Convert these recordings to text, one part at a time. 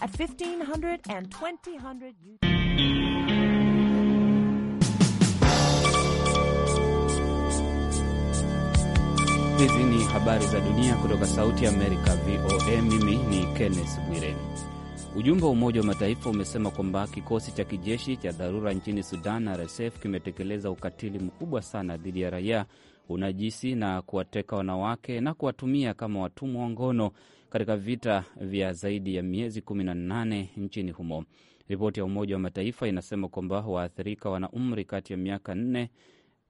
at 1500 and 2000. Hizi ni habari za dunia kutoka Sauti ya Amerika, VOA. Mimi ni Kenneth Bwire. Ujumbe wa Umoja wa Mataifa umesema kwamba kikosi cha kijeshi cha dharura nchini Sudan, RSF, kimetekeleza ukatili mkubwa sana dhidi ya raia, unajisi na kuwateka wanawake na kuwatumia kama watumwa wa ngono katika vita vya zaidi ya miezi 18 nchini humo. Ripoti ya Umoja wa Mataifa inasema kwamba waathirika wana umri kati ya miaka nne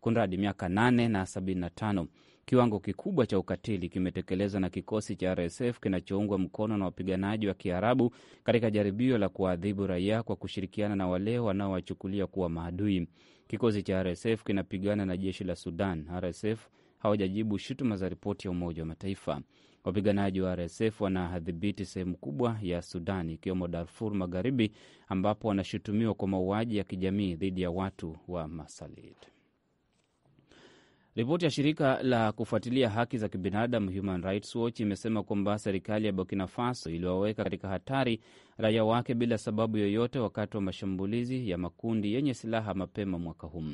kunradi miaka 8 na 75. Kiwango kikubwa cha ukatili kimetekelezwa na kikosi cha RSF kinachoungwa mkono na wapiganaji wa Kiarabu katika jaribio la kuwaadhibu raia kwa kushirikiana na wale wanaowachukulia kuwa maadui. Kikosi cha RSF kinapigana na jeshi la Sudan. RSF hawajajibu shutuma za ripoti ya Umoja wa Mataifa. Wapiganaji wa RSF wanadhibiti sehemu kubwa ya Sudan, ikiwemo Darfur Magharibi, ambapo wanashutumiwa kwa mauaji ya kijamii dhidi ya watu wa Masalid. Ripoti ya shirika la kufuatilia haki za kibinadamu Human Rights Watch imesema kwamba serikali ya Burkina Faso iliwaweka katika hatari raia wake bila sababu yoyote wakati wa mashambulizi ya makundi yenye silaha mapema mwaka huu.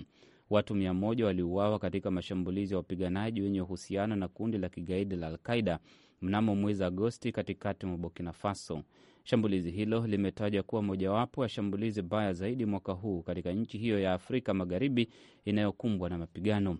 Watu mia moja waliuawa katika mashambulizi ya wapiganaji wenye uhusiano na kundi la kigaidi la Alqaida mnamo mwezi Agosti katikati mwa Burkina Faso. Shambulizi hilo limetajwa kuwa mojawapo ya shambulizi baya zaidi mwaka huu katika nchi hiyo ya Afrika Magharibi inayokumbwa na mapigano.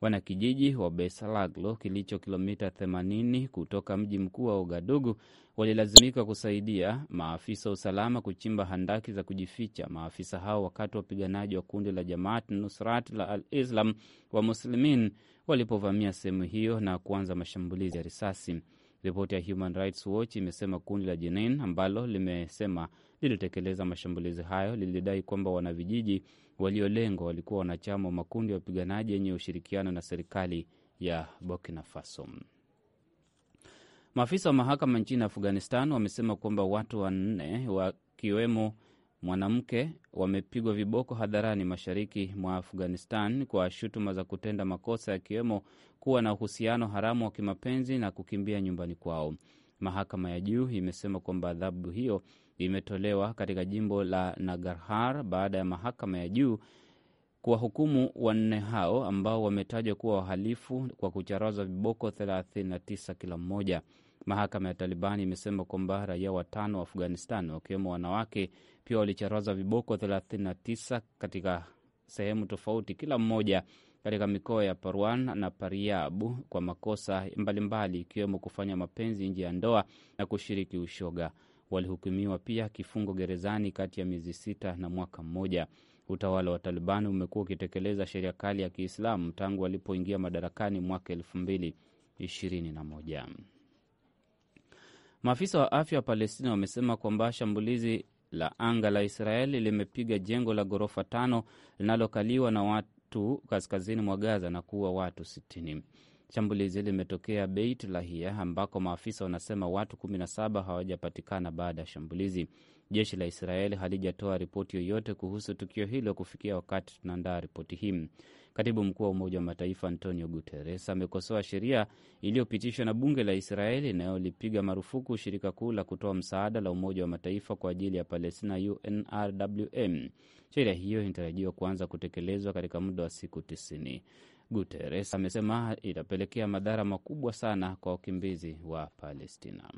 Wanakijiji wa Besalaglo kilicho kilomita 80 kutoka mji mkuu wa Ogadugu walilazimika kusaidia maafisa wa usalama kuchimba handaki za kujificha. Maafisa hao, wakati wapiganaji wa kundi la Jamaat Nusrat la al-Islam wa Muslimin walipovamia sehemu hiyo na kuanza mashambulizi ya risasi. Ripoti ya Human Rights Watch imesema kundi la Jenin ambalo limesema lilitekeleza mashambulizi hayo lilidai kwamba wanavijiji Waliolengwa walikuwa wanachama wa makundi ya wapiganaji yenye ushirikiano na serikali ya Burkina Faso. Maafisa wa mahakama nchini Afghanistan wamesema kwamba watu wanne wakiwemo mwanamke wamepigwa viboko hadharani mashariki mwa Afghanistan kwa shutuma za kutenda makosa yakiwemo kuwa na uhusiano haramu wa kimapenzi na kukimbia nyumbani kwao. Mahakama ya juu imesema kwamba adhabu hiyo imetolewa katika jimbo la nagarhar baada ya mahakama ya juu kuwahukumu wanne hao ambao wametajwa kuwa wahalifu kwa kucharaza viboko 39 kila mmoja. Mahakama ya Talibani imesema kwamba raia watano wa Afghanistan wakiwemo wanawake pia walicharaza viboko 39 katika sehemu tofauti, kila mmoja katika mikoa ya Parwan na Pariabu kwa makosa mbalimbali ikiwemo mbali, kufanya mapenzi nje ya ndoa na kushiriki ushoga walihukumiwa pia kifungo gerezani kati ya miezi sita na mwaka mmoja. Utawala wa Taliban umekuwa ukitekeleza sheria kali ya Kiislamu tangu walipoingia madarakani mwaka elfu mbili ishirini na moja. Maafisa wa afya wa Palestina wamesema kwamba shambulizi la anga la Israeli limepiga jengo la ghorofa tano linalokaliwa na watu kaskazini mwa Gaza na kuua watu sitini. Shambulizi limetokea Beit Lahia ambako maafisa wanasema watu 17 hawajapatikana baada ya shambulizi. Jeshi la Israeli halijatoa ripoti yoyote kuhusu tukio hilo kufikia wakati tunaandaa ripoti hii. Katibu mkuu wa Umoja wa Mataifa Antonio Guterres amekosoa sheria iliyopitishwa na bunge la Israeli inayolipiga marufuku shirika kuu la kutoa msaada la Umoja wa Mataifa kwa ajili ya Palestina, unrwm Sheria hiyo inatarajiwa kuanza kutekelezwa katika muda wa siku 90. Guterres amesema itapelekea madhara makubwa sana kwa wakimbizi wa Palestina.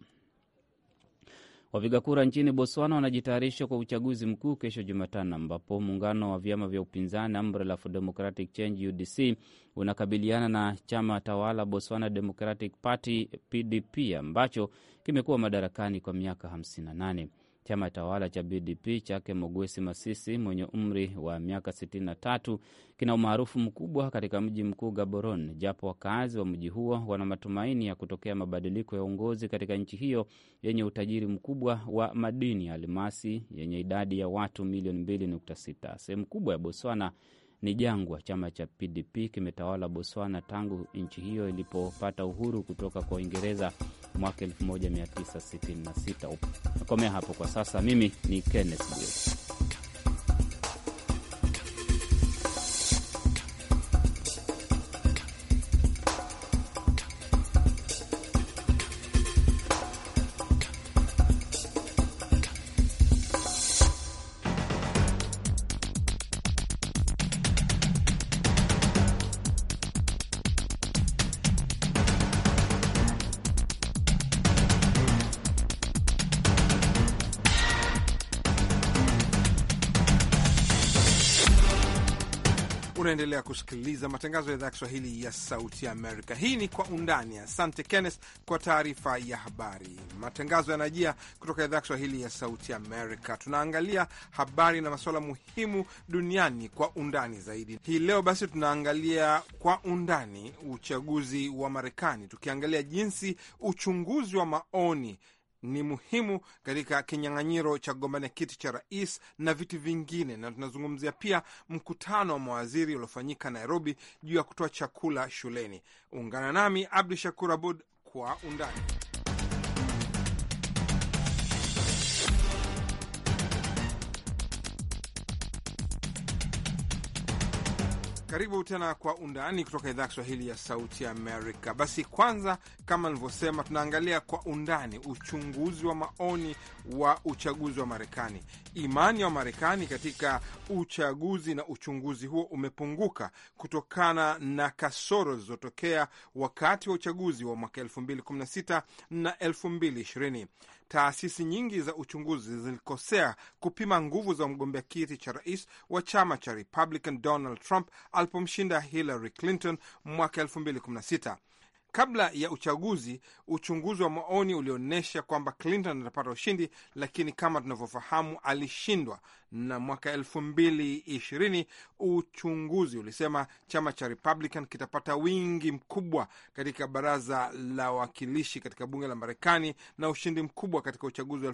Wapiga kura nchini Botswana wanajitayarisha kwa uchaguzi mkuu kesho Jumatano, ambapo muungano wa vyama vya upinzani Umbrella for Democratic Change UDC unakabiliana na chama tawala Botswana Democratic Party PDP ambacho kimekuwa madarakani kwa miaka 58. Chama tawala cha BDP chake Mogwesi Masisi mwenye umri wa miaka 63 kina umaarufu mkubwa katika mji mkuu Gaborone, japo wakazi wa mji huo wana matumaini ya kutokea mabadiliko ya uongozi katika nchi hiyo yenye utajiri mkubwa wa madini ya almasi yenye idadi ya watu milioni 2.6. Sehemu kubwa ya Botswana ni jangwa. Chama cha PDP kimetawala Botswana tangu nchi hiyo ilipopata uhuru kutoka kwa Uingereza mwaka 1966. Nakomea hapo kwa sasa. Mimi ni Kenneth Bwire. Unaendelea kusikiliza matangazo ya idhaa ya Kiswahili ya Sauti Amerika. Hii ni Kwa Undani. Asante Kenneth kwa taarifa ya habari. Matangazo yanajia kutoka idhaa ya Kiswahili ya Sauti Amerika. Tunaangalia habari na masuala muhimu duniani kwa undani zaidi hii leo. Basi tunaangalia kwa undani uchaguzi wa Marekani, tukiangalia jinsi uchunguzi wa maoni ni muhimu katika kinyang'anyiro cha kugombania kiti cha rais na viti vingine, na tunazungumzia pia mkutano wa mawaziri uliofanyika Nairobi juu ya kutoa chakula shuleni. Ungana nami Abdu Shakur Abud kwa undani. Karibu tena kwa Undani kutoka idhaa ya Kiswahili ya Sauti Amerika. Basi kwanza, kama nilivyosema, tunaangalia kwa undani uchunguzi wa maoni wa uchaguzi wa Marekani. Imani ya Marekani katika uchaguzi na uchunguzi huo umepunguka kutokana na kasoro zilizotokea wakati wa uchaguzi wa mwaka 2016 na 2020 taasisi nyingi za uchunguzi zilikosea kupima nguvu za mgombea kiti cha rais wa chama cha Republican Donald Trump alipomshinda Hillary Clinton mwaka 2016. Kabla ya uchaguzi, uchunguzi wa maoni ulionyesha kwamba Clinton atapata ushindi, lakini kama tunavyofahamu, alishindwa na mwaka ishirini uchunguzi ulisema chama cha Republican kitapata wingi mkubwa katika baraza la wawakilishi katika bunge la Marekani na ushindi mkubwa katika uchaguzi wa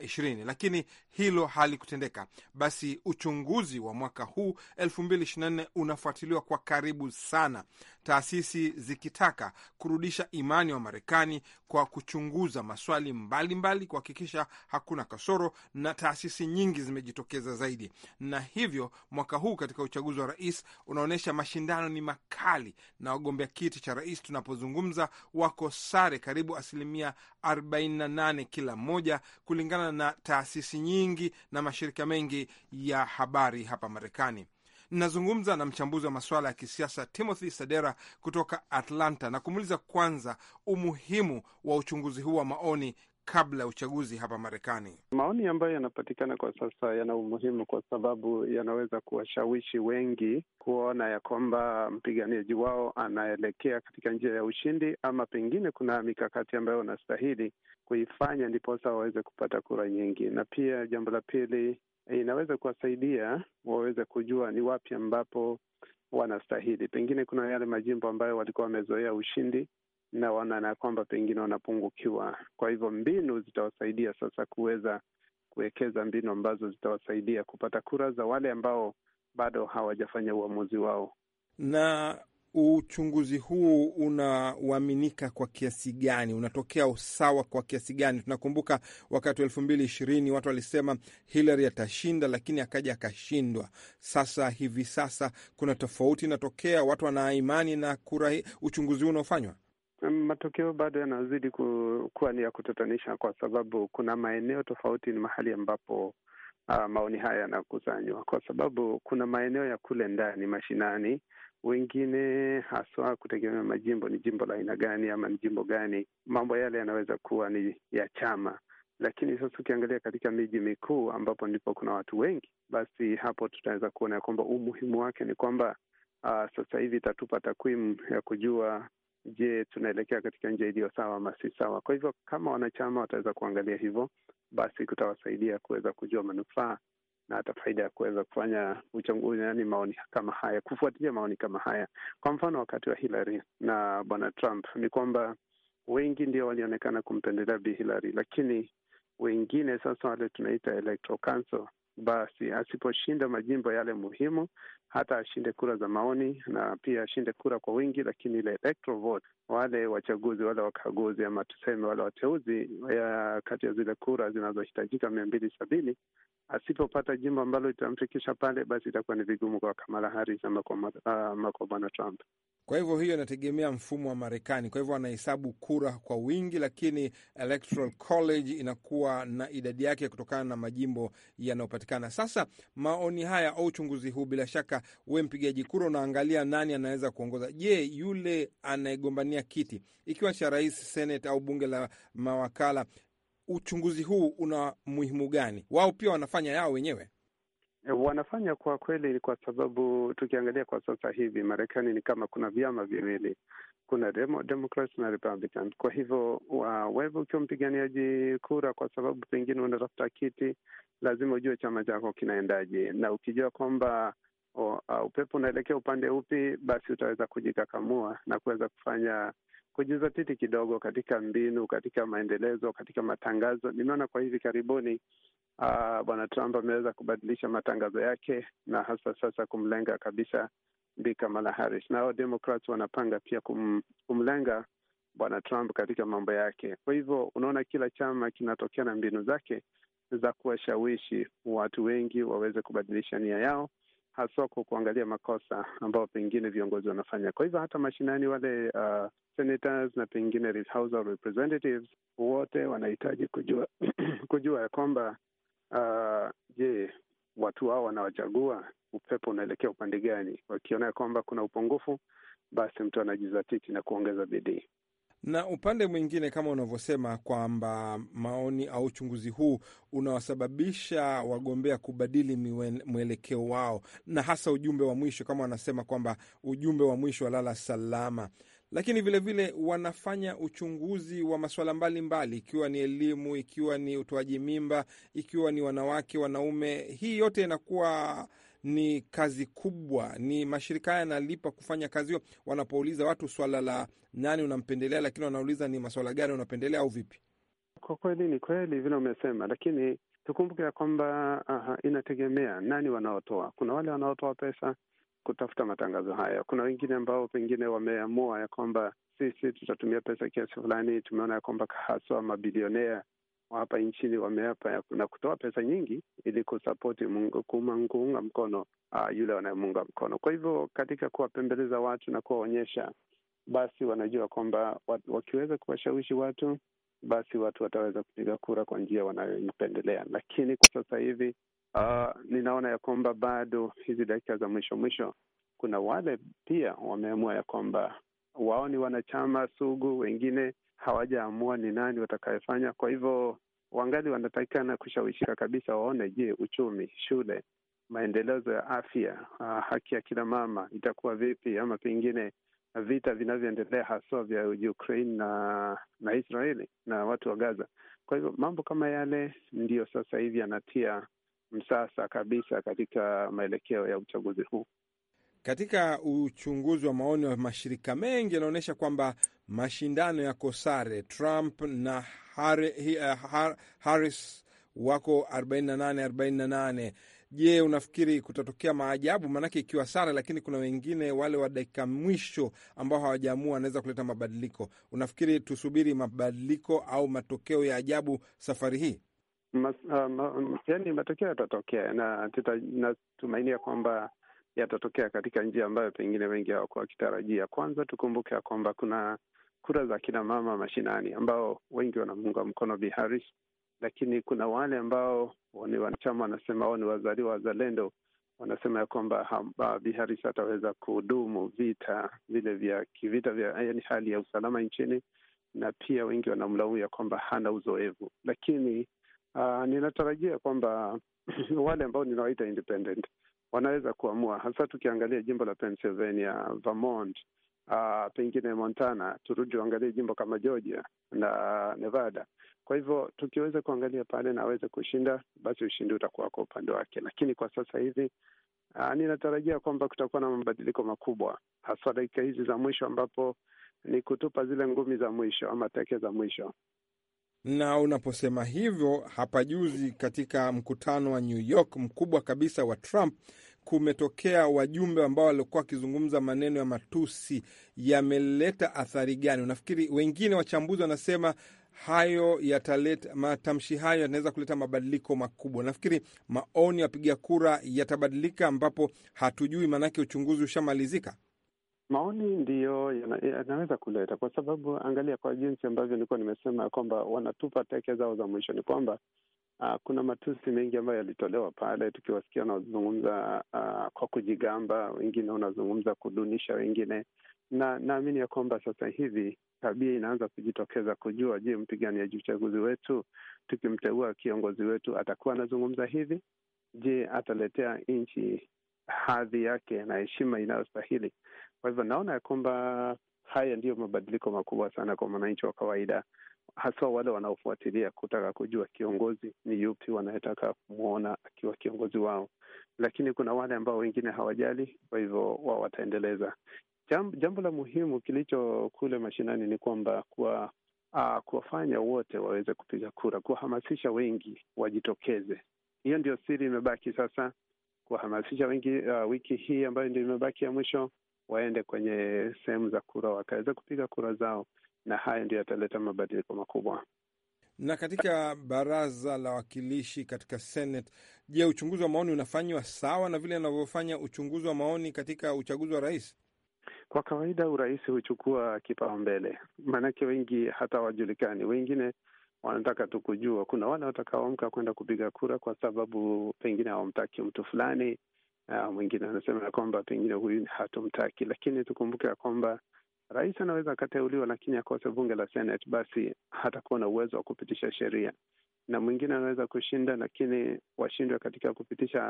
ishirini lakini hilo halikutendeka. Basi uchunguzi wa mwaka huu 2024 unafuatiliwa kwa karibu sana, taasisi zikitaka kurudisha imani wa Marekani kwa kuchunguza maswali mbalimbali kuhakikisha hakuna kasoro, na taasisi nyingi zimejitokeza zaidi, na hivyo mwaka huu katika uchaguzi wa rais unaonyesha mashindano ni makali, na wagombea kiti cha rais tunapozungumza wako sare karibu asilimia 48 kila mmoja, kulingana na taasisi nyingi na mashirika mengi ya habari hapa Marekani. Nazungumza na mchambuzi wa masuala ya kisiasa Timothy Sadera kutoka Atlanta na kumuuliza kwanza umuhimu wa uchunguzi huu wa maoni kabla ya uchaguzi hapa Marekani. Maoni ambayo yanapatikana kwa sasa yana umuhimu kwa sababu yanaweza kuwashawishi wengi kuona ya kwamba mpiganiaji wao anaelekea katika njia ya ushindi, ama pengine kuna mikakati ambayo wanastahili kuifanya ndiposa waweze kupata kura nyingi. Na pia jambo la pili, inaweza kuwasaidia waweze kujua ni wapi ambapo wanastahili. Pengine kuna yale majimbo ambayo walikuwa wamezoea ushindi na wanaona kwamba pengine wanapungukiwa. Kwa hivyo mbinu zitawasaidia sasa kuweza kuwekeza mbinu ambazo zitawasaidia kupata kura za wale ambao bado hawajafanya uamuzi wao. Na uchunguzi huu unauaminika kwa kiasi gani? Unatokea usawa kwa kiasi gani? Tunakumbuka wakati wa elfu mbili ishirini watu walisema Hillary atashinda, lakini akaja akashindwa. Sasa hivi sasa kuna tofauti inatokea, watu wana imani na kura, uchunguzi huu unaofanywa matokeo bado yanazidi ku, kuwa ni ya kutatanisha, kwa sababu kuna maeneo tofauti ni mahali ambapo uh, maoni haya yanakusanywa, kwa sababu kuna maeneo ya kule ndani mashinani, wengine haswa, kutegemea majimbo, ni jimbo la aina gani ama ni jimbo gani, mambo yale yanaweza kuwa ni ya chama lakini sasa ukiangalia katika miji mikuu ambapo ndipo kuna watu wengi, basi hapo tutaweza kuona ya kwamba umuhimu wake ni kwamba uh, sasa hivi itatupa takwimu ya kujua je, tunaelekea katika njia iliyo sawa ama si sawa? Kwa hivyo kama wanachama wataweza kuangalia hivyo, basi kutawasaidia kuweza kujua manufaa na hata faida ya kuweza kufanya uchanguzi, yaani maoni kama haya, kufuatilia maoni kama haya. Kwa mfano wakati wa Hillary na bwana Trump ni kwamba wengi ndio walionekana kumpendelea bi Hillary, lakini wengine sasa, wale tunaita electoral council, basi asiposhinda majimbo yale muhimu hata ashinde kura za maoni na pia ashinde kura kwa wingi, lakini ile electoral vote, wale wachaguzi wale wakaguzi ama tuseme wale wateuzi kati ya zile kura zinazohitajika mia mbili sabini asipopata jimbo ambalo itamfikisha pale, basi itakuwa ni vigumu kwa Kamala Harris ah, ama kwa bwana Trump. Kwa hivyo hiyo inategemea mfumo wa Marekani. Kwa hivyo anahesabu kura kwa wingi, lakini Electoral College inakuwa na idadi yake kutokana na majimbo yanayopatikana. Sasa maoni haya au uchunguzi huu, bila shaka we mpigaji kura unaangalia nani anaweza kuongoza. Je, yule anayegombania kiti, ikiwa cha rais, senate au bunge la mawakala, uchunguzi huu una muhimu gani? Wao pia wanafanya yao wenyewe eh, wanafanya kwa kweli, kwa sababu tukiangalia kwa sasa hivi Marekani ni kama kuna vyama viwili, kuna demo, na Republicans. Kwa hivyo wewe ukiwa mpiganiaji kura, kwa sababu pengine unatafuta kiti, lazima ujue chama chako kinaendaje, na ukijua kwamba uh, upepo unaelekea upande upi, basi utaweza kujikakamua na kuweza kufanya kujizatiti kidogo katika mbinu, katika maendelezo, katika matangazo. Nimeona kwa hivi karibuni uh, bwana Trump ameweza kubadilisha matangazo yake na hasa sasa kumlenga kabisa Bi Kamala Harris, nao Demokrat wanapanga pia kum, kumlenga bwana Trump katika mambo yake. Kwa hivyo unaona kila chama kinatokea na mbinu zake za kuwashawishi watu wengi waweze kubadilisha nia yao haswa kwa kuangalia makosa ambayo pengine viongozi wanafanya. Kwa hivyo hata mashinani wale uh, senators na pengine House of Representatives wote wanahitaji kujua kujua ya kwamba uh, je, watu hao wanawachagua, upepo unaelekea upande gani? Wakiona ya kwamba kuna upungufu, basi mtu anajizatiti na kuongeza bidii na upande mwingine kama unavyosema kwamba maoni au uchunguzi huu unawasababisha wagombea kubadili mwelekeo wao, na hasa ujumbe wa mwisho, kama wanasema kwamba ujumbe wa mwisho walala salama. Lakini vilevile vile wanafanya uchunguzi wa masuala mbalimbali, ikiwa ni elimu, ikiwa ni utoaji mimba, ikiwa ni wanawake, wanaume. Hii yote inakuwa ni kazi kubwa, ni mashirika haya yanalipa kufanya kazi hiyo. Wanapouliza watu swala la nani unampendelea, lakini wanauliza ni maswala gani unapendelea au vipi? Kwa kweli ni kweli vile umesema, lakini tukumbuke ya kwamba inategemea nani wanaotoa. Kuna wale wanaotoa pesa kutafuta matangazo haya, kuna wengine ambao pengine wameamua ya kwamba sisi tutatumia pesa kiasi fulani. Tumeona ya kwamba haswa mabilionea hapa nchini wameapa na kutoa pesa nyingi ili kusapoti kuunga mkono uh, yule wanayemuunga mkono. Kwa hivyo katika kuwapembeleza watu na kuwaonyesha, basi wanajua kwamba wakiweza kuwashawishi watu, basi watu wataweza kupiga kura kwa njia wanayoipendelea. Lakini kwa sasa hivi uh, ninaona ya kwamba bado hizi dakika za mwisho mwisho, kuna wale pia wameamua ya kwamba wao ni wanachama sugu, wengine hawajaamua ni nani watakayefanya. Kwa hivyo wangali wanatakikana kushawishika kabisa, waone, je, uchumi, shule, maendelezo ya afya, ah, haki ya kina mama itakuwa vipi, ama pengine vita vinavyoendelea haswa vya Ukraine na na Israeli na watu wa Gaza. Kwa hivyo mambo kama yale ndiyo sasa hivi yanatia msasa kabisa katika maelekeo ya uchaguzi huu. Katika uchunguzi wa maoni wa mashirika mengi yanaonyesha kwamba mashindano ya Kosare. Trump na eh, Harris wako 48 48. Je, unafikiri kutatokea maajabu? Maanake ikiwa sare, lakini kuna wengine wale wa dakika mwisho ambao hawajaamua wanaweza kuleta mabadiliko. Unafikiri tusubiri mabadiliko au matokeo ya ajabu safari hii? Mas, uh, ma, yani matokeo yatatokea na ya kwamba yatatokea katika njia ambayo pengine wengi hawakuwa wakitarajia. Kwanza tukumbuke ya kwamba kuna kura za kina mama mashinani ambao wengi wanamunga mkono Bi Harris, lakini kuna wale ambao ni wanachama wanasema au ni wazaliwa wazalendo wanasema ya kwamba Bi Harris ataweza kudumu vita vile vya kivita vya yani hali ya usalama nchini, na pia wengi wanamlaumu ya kwamba hana uzoefu, lakini uh, ninatarajia kwamba wale ambao ninawaita independent wanaweza kuamua, hasa tukiangalia jimbo la Pennsylvania, Vermont uh, pengine Montana, turudi uangalie jimbo kama Georgia na Nevada. Kwa hivyo tukiweza kuangalia pale na aweze kushinda, basi ushindi utakuwa kwa upande wake, lakini kwa sasa hivi uh, ninatarajia kwamba kutakuwa na mabadiliko makubwa, haswa dakika hizi za mwisho ambapo ni kutupa zile ngumi za mwisho ama teke za mwisho. Na unaposema hivyo, hapa juzi katika mkutano wa New York mkubwa kabisa wa Trump kumetokea wajumbe ambao walikuwa wakizungumza maneno ya matusi yameleta athari gani? Unafikiri wengine wachambuzi wanasema hayo yataleta matamshi hayo yanaweza kuleta mabadiliko makubwa. Nafikiri maoni ya wapiga kura yatabadilika, ambapo hatujui, maanake uchunguzi ushamalizika. Maoni ndiyo yanaweza kuleta, kwa sababu angalia, kwa jinsi ambavyo nilikuwa nimesema ya kwamba wanatupa teke zao za mwisho, ni kwamba Uh, kuna matusi mengi ambayo yalitolewa pale, tukiwasikia wanazungumza uh, kwa kujigamba, wengine wanazungumza kudunisha wengine, na naamini ya kwamba sasa hivi tabia inaanza kujitokeza kujua, je, mpiganiaji uchaguzi wetu tukimteua kiongozi wetu atakuwa anazungumza hivi? Je, ataletea nchi hadhi yake na heshima inayostahili? Kwa hivyo naona ya kwamba haya ndiyo mabadiliko makubwa sana kwa mwananchi wa kawaida haswa wale wanaofuatilia kutaka kujua kiongozi ni yupi wanayetaka kumwona akiwa kiongozi wao, lakini kuna wale ambao wengine hawajali, kwa hivyo wao wataendeleza jambo. Jambo la muhimu kilicho kule mashinani ni kwamba kwa uh, kuwafanya wote waweze kupiga kura, kuwahamasisha wengi wajitokeze. Hiyo ndio siri imebaki sasa, kuwahamasisha wengi. Uh, wiki hii ambayo ndio imebaki ya mwisho waende kwenye sehemu za kura wakaweza kupiga kura zao na haya ndio yataleta mabadiliko makubwa. Na katika baraza la wawakilishi katika Senate, je, uchunguzi wa maoni unafanywa sawa na vile anavyofanya uchunguzi wa maoni katika uchaguzi wa rais? Kwa kawaida urais huchukua kipaumbele, maanake wengi hata wajulikani, wengine wanataka tu kujua. Kuna wale watakaoamka kwenda kupiga kura kwa sababu pengine hawamtaki mtu fulani, uh, mwingine anasema ya kwamba pengine huyu hatumtaki, lakini tukumbuke ya kwamba Rais anaweza akateuliwa, lakini akose bunge la Senate, basi hatakuwa na uwezo wa kupitisha sheria, na mwingine anaweza kushinda, lakini washindwe katika kupitisha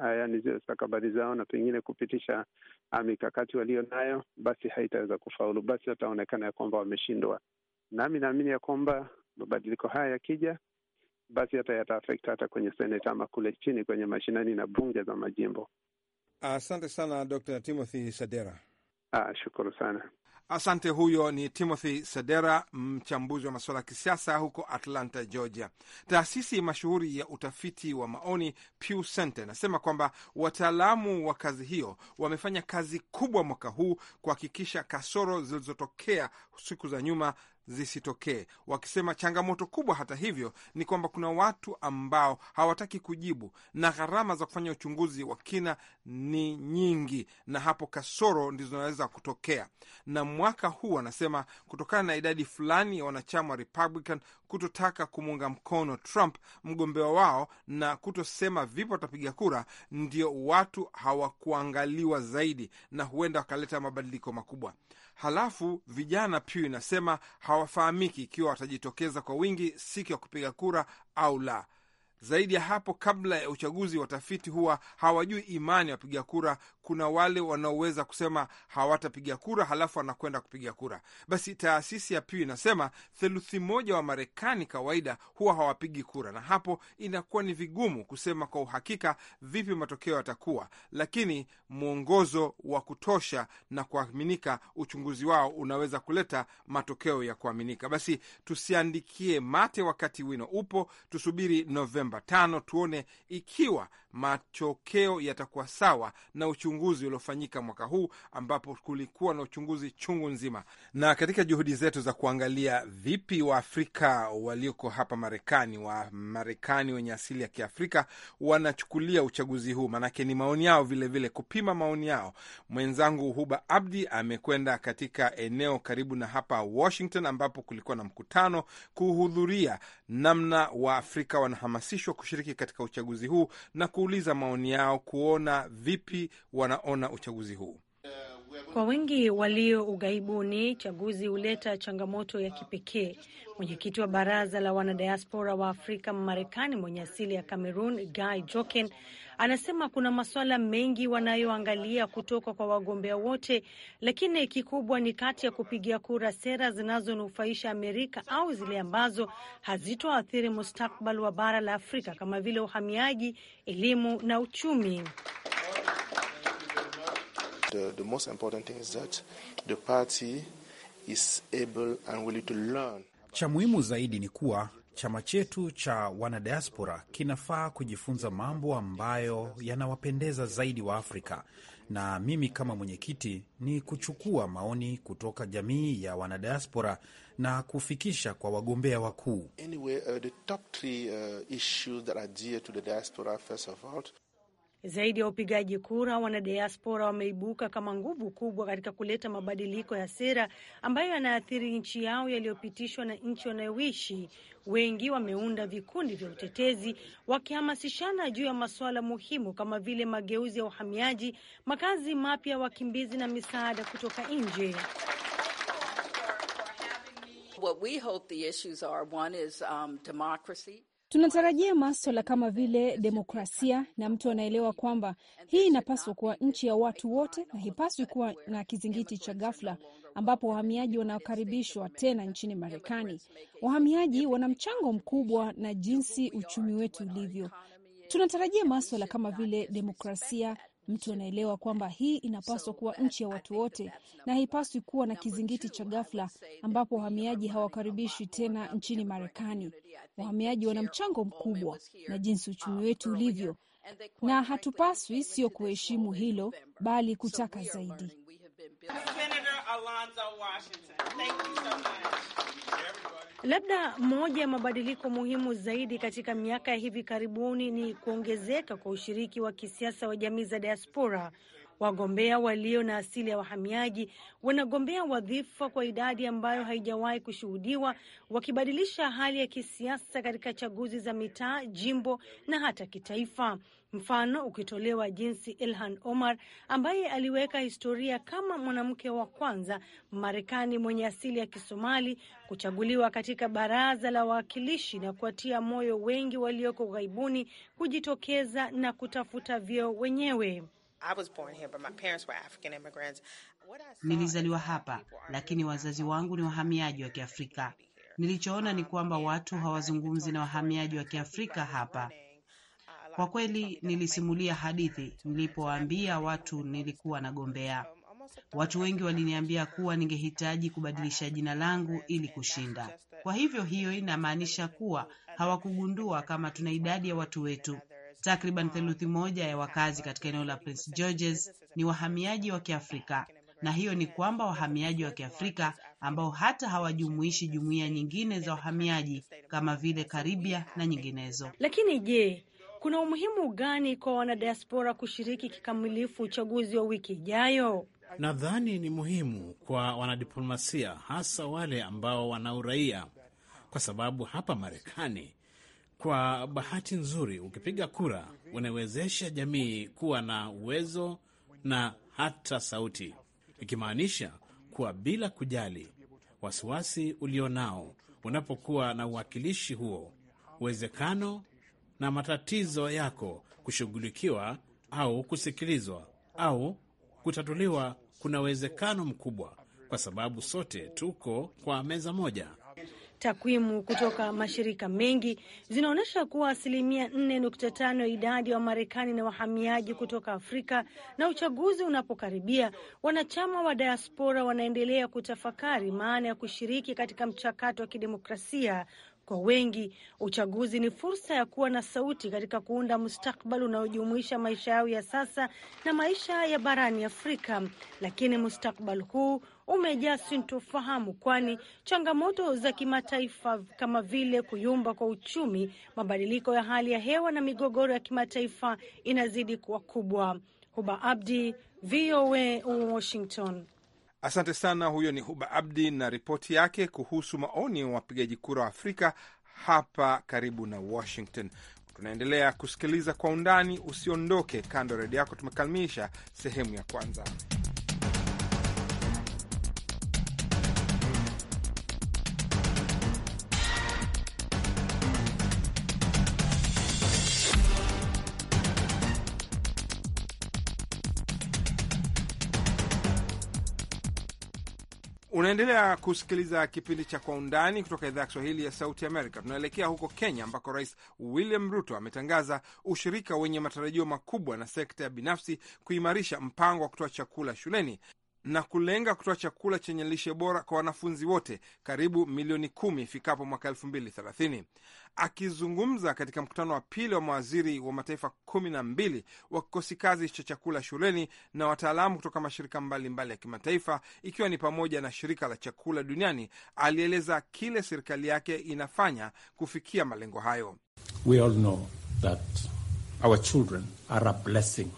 ah, yani zile stakabadhi zao na pengine kupitisha ah, mikakati walio nayo, basi haitaweza kufaulu, basi wataonekana ya kwamba wameshindwa. Nami naamini ya kwamba mabadiliko haya yakija, basi hata yataafekta hata kwenye Senate ama kule chini kwenye mashinani na bunge za majimbo. Asante sana Dr. Timothy Sadera. Ah, shukuru sana. Asante. Huyo ni Timothy Sedera, mchambuzi wa masuala ya kisiasa huko Atlanta, Georgia. Taasisi mashuhuri ya utafiti wa maoni Pew Center inasema kwamba wataalamu wa kazi hiyo wamefanya kazi kubwa mwaka huu kuhakikisha kasoro zilizotokea siku za nyuma zisitokee, wakisema changamoto kubwa hata hivyo ni kwamba kuna watu ambao hawataki kujibu na gharama za kufanya uchunguzi wa kina ni nyingi, na hapo kasoro ndizo zinaweza kutokea. Na mwaka huu wanasema kutokana na idadi fulani ya wanachama wa Republican kutotaka kumwunga mkono Trump mgombea wao na kutosema vipi watapiga kura, ndio watu hawakuangaliwa zaidi na huenda wakaleta mabadiliko makubwa. Halafu vijana Pew inasema hawafahamiki ikiwa watajitokeza kwa wingi siku ya kupiga kura au la. Zaidi ya hapo, kabla ya uchaguzi, watafiti huwa hawajui imani ya wapiga kura. Kuna wale wanaoweza kusema hawatapiga kura, halafu wanakwenda kupiga kura. Basi taasisi ya Pew inasema theluthi moja wa Marekani kawaida huwa hawapigi kura, na hapo inakuwa ni vigumu kusema kwa uhakika vipi matokeo yatakuwa, lakini mwongozo wa kutosha na kuaminika, uchunguzi wao unaweza kuleta matokeo ya kuaminika. Basi tusiandikie mate wakati wino upo, tusubiri Novemba tano, tuone ikiwa matokeo yatakuwa sawa na uchunguzi uliofanyika mwaka huu, ambapo kulikuwa na uchunguzi chungu nzima. Na katika juhudi zetu za kuangalia vipi Waafrika walioko hapa Marekani, Wamarekani wenye asili ya Kiafrika wanachukulia uchaguzi huu, maanake ni maoni yao vilevile vile, kupima maoni yao, mwenzangu Huba Abdi amekwenda katika eneo karibu na hapa Washington, ambapo kulikuwa na mkutano kuhudhuria namna Waafrika wanahamasishwa kushiriki katika uchaguzi huu na ku kuuliza maoni yao kuona vipi wanaona uchaguzi huu. Kwa wengi walio ughaibuni, chaguzi huleta changamoto ya kipekee. Mwenyekiti wa baraza la wanadiaspora wa Afrika Marekani mwenye asili ya Cameroon, Guy Joken, Anasema kuna masuala mengi wanayoangalia kutoka kwa wagombea wote, lakini kikubwa ni kati ya kupigia kura sera zinazonufaisha Amerika au zile ambazo hazitoathiri mustakbal wa bara la Afrika kama vile uhamiaji, elimu na uchumi. The, the most important thing is that the party is able and willing to learn. Cha muhimu zaidi ni kuwa chama chetu cha wanadiaspora kinafaa kujifunza mambo ambayo yanawapendeza zaidi wa Afrika, na mimi kama mwenyekiti ni kuchukua maoni kutoka jamii ya wanadiaspora na kufikisha kwa wagombea wakuu. Anyway, uh, zaidi ya upigaji kura, wanadiaspora wameibuka kama nguvu kubwa katika kuleta mabadiliko ya sera ambayo yanaathiri nchi yao yaliyopitishwa na nchi wanayoishi. Wengi wameunda vikundi vya utetezi wakihamasishana juu ya masuala muhimu kama vile mageuzi ya uhamiaji, makazi mapya ya wakimbizi na misaada kutoka nje. What we hope the issues are, one is, um, democracy. Tunatarajia maswala kama vile demokrasia, na mtu anaelewa kwamba hii inapaswa kuwa nchi ya watu wote na hipaswi kuwa na kizingiti cha ghafla, ambapo wahamiaji wanakaribishwa tena nchini Marekani. Wahamiaji wana mchango mkubwa na jinsi uchumi wetu ulivyo. Tunatarajia maswala kama vile demokrasia, Mtu anaelewa kwamba hii inapaswa kuwa nchi ya watu wote na haipaswi kuwa na kizingiti cha ghafla ambapo wahamiaji hawakaribishwi tena nchini Marekani. Wahamiaji wana mchango mkubwa na jinsi uchumi um, wetu ulivyo, na hatupaswi sio kuheshimu hilo, bali kutaka zaidi. Labda moja ya mabadiliko muhimu zaidi katika miaka ya hivi karibuni ni kuongezeka kwa ushiriki wa kisiasa wa jamii za diaspora Wagombea walio na asili ya wahamiaji wanagombea wadhifa kwa idadi ambayo haijawahi kushuhudiwa, wakibadilisha hali ya kisiasa katika chaguzi za mitaa, jimbo na hata kitaifa. Mfano ukitolewa jinsi Ilhan Omar ambaye aliweka historia kama mwanamke wa kwanza Marekani mwenye asili ya Kisomali kuchaguliwa katika baraza la wawakilishi na kuwatia moyo wengi walioko ughaibuni kujitokeza na kutafuta vyeo wenyewe. Nilizaliwa hapa, lakini wazazi wangu ni wahamiaji wa Kiafrika. Nilichoona ni kwamba watu hawazungumzi na wahamiaji wa Kiafrika hapa. Uh, Kwa kweli, nilisimulia hadithi nilipowaambia watu nilikuwa nagombea. Um, watu wengi waliniambia kuwa ningehitaji kubadilisha jina langu ili kushinda. Kwa hivyo, hiyo inamaanisha kuwa hawakugundua kama tuna idadi ya watu wetu Takriban theluthi moja ya wakazi katika eneo la Prince George's ni wahamiaji wa Kiafrika, na hiyo ni kwamba wahamiaji wa Kiafrika ambao hata hawajumuishi jumuiya nyingine za wahamiaji kama vile Karibia na nyinginezo. Lakini je, kuna umuhimu gani kwa wanadiaspora kushiriki kikamilifu uchaguzi wa wiki ijayo? Nadhani ni muhimu kwa wanadiplomasia, hasa wale ambao wana uraia, kwa sababu hapa Marekani kwa bahati nzuri, ukipiga kura unawezesha jamii kuwa na uwezo na hata sauti, ikimaanisha kuwa bila kujali wasiwasi ulionao, unapokuwa na uwakilishi huo, uwezekano na matatizo yako kushughulikiwa au kusikilizwa au kutatuliwa kuna uwezekano mkubwa, kwa sababu sote tuko kwa meza moja. Takwimu kutoka mashirika mengi zinaonyesha kuwa asilimia 4.5 ya idadi ya wa Wamarekani na wahamiaji kutoka Afrika. Na uchaguzi unapokaribia, wanachama wa diaspora wanaendelea kutafakari maana ya kushiriki katika mchakato wa kidemokrasia. Kwa wengi, uchaguzi ni fursa ya kuwa na sauti katika kuunda mustakbali unaojumuisha maisha yao ya sasa na maisha ya barani Afrika, lakini mustakbali huu umejaa sintofahamu, kwani changamoto za kimataifa kama vile kuyumba kwa uchumi, mabadiliko ya hali ya hewa na migogoro ya kimataifa inazidi kuwa kubwa. Huba Abdi, VOA Washington. Asante sana. Huyo ni Huba Abdi na ripoti yake kuhusu maoni ya wapigaji kura wa Afrika hapa karibu na Washington. Tunaendelea kusikiliza kwa undani. Usiondoke kando redio yako, tumekamilisha sehemu ya kwanza. Unaendelea kusikiliza kipindi cha Kwa Undani kutoka idhaa ya Kiswahili ya Sauti Amerika. Tunaelekea huko Kenya, ambako Rais William Ruto ametangaza ushirika wenye matarajio makubwa na sekta ya binafsi kuimarisha mpango wa kutoa chakula shuleni, na kulenga kutoa chakula chenye lishe bora kwa wanafunzi wote karibu milioni kumi ifikapo mwaka elfu mbili thelathini. Akizungumza katika mkutano wa pili wa mawaziri wa mataifa kumi na mbili wa kikosi kazi cha chakula shuleni na wataalamu kutoka mashirika mbalimbali mbali ya kimataifa ikiwa ni pamoja na shirika la chakula duniani, alieleza kile serikali yake inafanya kufikia malengo hayo. We all know that our children are a blessing.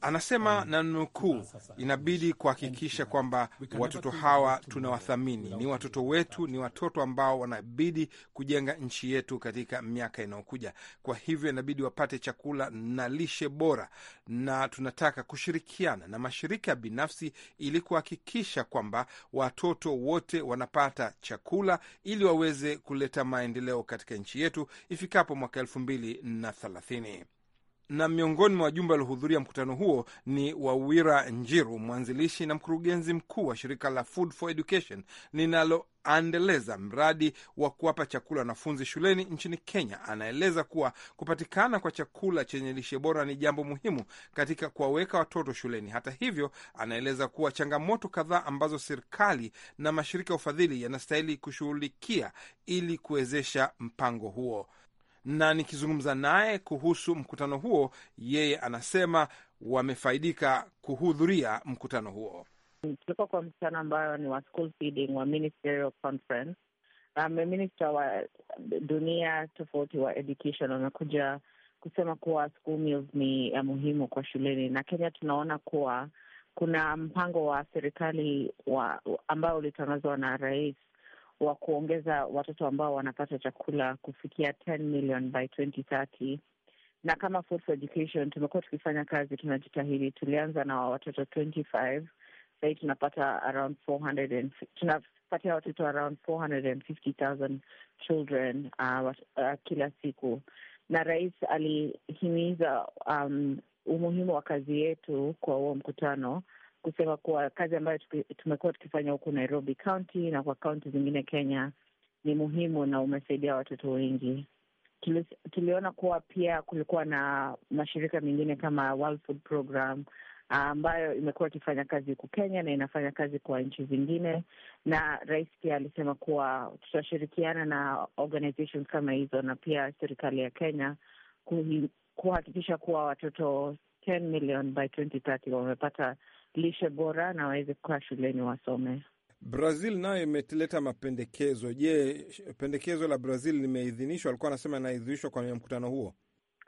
Anasema na nukuu, inabidi kuhakikisha kwamba watoto hawa tunawathamini, ni watoto wetu, ni watoto ambao wanabidi kujenga nchi yetu katika miaka inayokuja. Kwa hivyo inabidi wapate chakula na lishe bora, na tunataka kushirikiana na mashirika ya binafsi ili kuhakikisha kwamba watoto wote wanapata chakula ili waweze kuleta maendeleo katika nchi yetu ifikapo mwaka elfu mbili na thelathini na miongoni mwa wajumbe waliohudhuria mkutano huo ni Wawira Njiru, mwanzilishi na mkurugenzi mkuu wa shirika la Food for Education linaloendeleza mradi wa kuwapa chakula wanafunzi shuleni nchini Kenya. Anaeleza kuwa kupatikana kwa chakula chenye lishe bora ni jambo muhimu katika kuwaweka watoto shuleni. Hata hivyo, anaeleza kuwa changamoto kadhaa ambazo serikali na mashirika ya ufadhili yanastahili kushughulikia ili kuwezesha mpango huo na nikizungumza naye kuhusu mkutano huo, yeye anasema wamefaidika kuhudhuria mkutano huo. Tulikuwa kwa mkutano ambayo ni wa school feeding wa ministerial conference. Ah, Maminista um, wa dunia tofauti wa education wamekuja kusema kuwa school meals ni ya muhimu kwa shuleni, na Kenya tunaona kuwa kuna mpango wa serikali ambao ulitangazwa na rais wa kuongeza watoto ambao wanapata chakula kufikia 10 million by 2030 na kama Food for Education tumekuwa tukifanya kazi, tunajitahidi. Tulianza na watoto 25 sahii tunapata around 400 tunapatia watoto around 450,000 children uh, uh, kila siku, na rais alihimiza um, umuhimu wa kazi yetu kwa huo mkutano kusema kuwa kazi ambayo tumekuwa tukifanya huku Nairobi County na kwa kaunti zingine Kenya ni muhimu na umesaidia watoto wengi. Tuli, tuliona kuwa pia kulikuwa na mashirika mengine kama World Food Program ah, ambayo imekuwa ikifanya kazi huku Kenya na inafanya kazi kwa nchi zingine, na rais pia alisema kuwa tutashirikiana na organizations kama hizo na pia serikali ya Kenya kuhakikisha kuwa watoto 10 million by 2030 wamepata lishe bora na waweze kukaa shuleni wasome. Brazil nayo imeleta mapendekezo. Je, pendekezo la Brazil limeidhinishwa? Alikuwa anasema inaidhinishwa kwenye mkutano huo.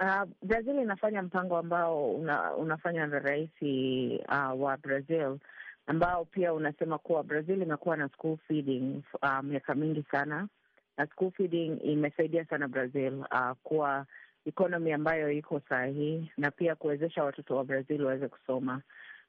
Uh, Brazil inafanya mpango ambao una, unafanya na rais uh, wa Brazil ambao pia unasema kuwa Brazil imekuwa na school feeding ah, miaka mingi sana, na school feeding imesaidia sana Brazil uh, kuwa ekonomi ambayo iko sahihi na pia kuwezesha watoto wa Brazil waweze kusoma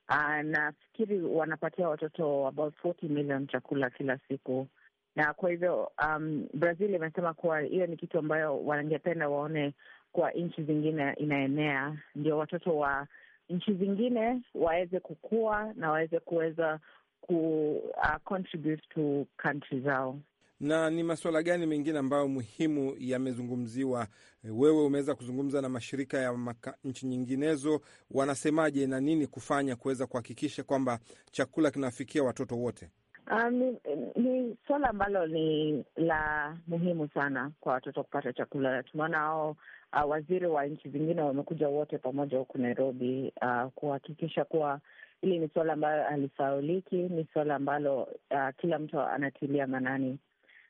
Uh, nafikiri wanapatia watoto about 40 million chakula kila siku, na kwa hivyo um, Brazil imesema kuwa hiyo ni kitu ambayo wangependa waone kuwa nchi zingine inaenea, ndio watoto wa nchi zingine waweze kukua na waweze kuweza ku uh, contribute to country zao. Na ni masuala gani mengine ambayo muhimu yamezungumziwa? E, wewe umeweza kuzungumza na mashirika ya nchi nyinginezo, wanasemaje na nini kufanya kuweza kuhakikisha kwamba chakula kinawafikia watoto wote? Um, ni, ni suala ambalo ni la muhimu sana kwa watoto kupata chakula. Tumeona hao uh, waziri wa nchi zingine wamekuja wote pamoja huku Nairobi uh, kuhakikisha kuwa hili ni suala ambalo halisauliki, ni suala ambalo uh, kila mtu anatilia manani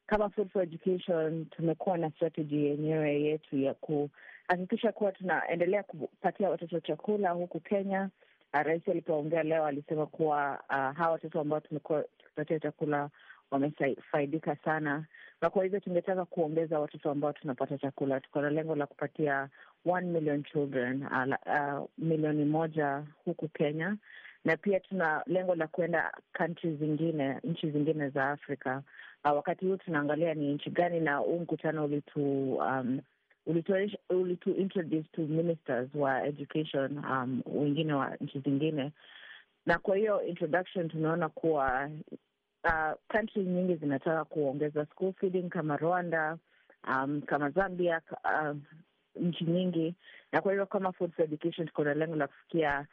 kama Food for Education tumekuwa na strategy yenyewe yetu ya kuhakikisha kuwa tunaendelea kupatia watoto chakula huku Kenya. Ah, rais alipoongea leo alisema kuwa uh, hawa watoto ambao tumekuwa tukipatia chakula wamefaidika sana, na kwa hivyo tungetaka kuongeza watoto ambao tunapata chakula. Tuko na lengo la kupatia one million children uh, milioni moja huku Kenya, na pia tuna lengo la kuenda countries zingine, nchi zingine za Afrika uh, wakati huu tunaangalia ni nchi gani, na huu mkutano ulitu um, ulitu introduce to ministers wa education um, wengine wa nchi zingine, na kwa hiyo introduction tunaona kuwa uh, country nyingi zinataka kuongeza school feeding kama Rwanda, um, kama Zambia, uh, nchi nyingi, na kwa hivyo kama Foods for Education tuko na lengo la kufikia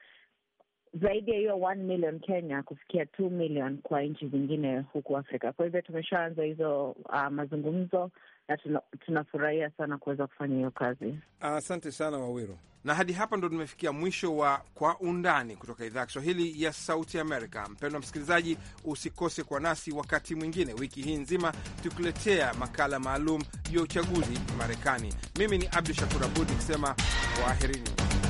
zaidi ya hiyo one million Kenya kufikia two million kwa nchi zingine huku Afrika. Kwa hivyo tumeshaanza hizo uh, mazungumzo na tunafurahia tuna sana kuweza kufanya hiyo kazi. Asante uh, sana Wawiru, na hadi hapa ndo tumefikia mwisho wa Kwa Undani kutoka idhaa ya Kiswahili ya Sauti Amerika. Mpendwa msikilizaji, usikose kwa nasi wakati mwingine wiki hii nzima tukiletea makala maalum ya uchaguzi Marekani. Mimi ni Abdu Shakur Abud nikisema kwaherini.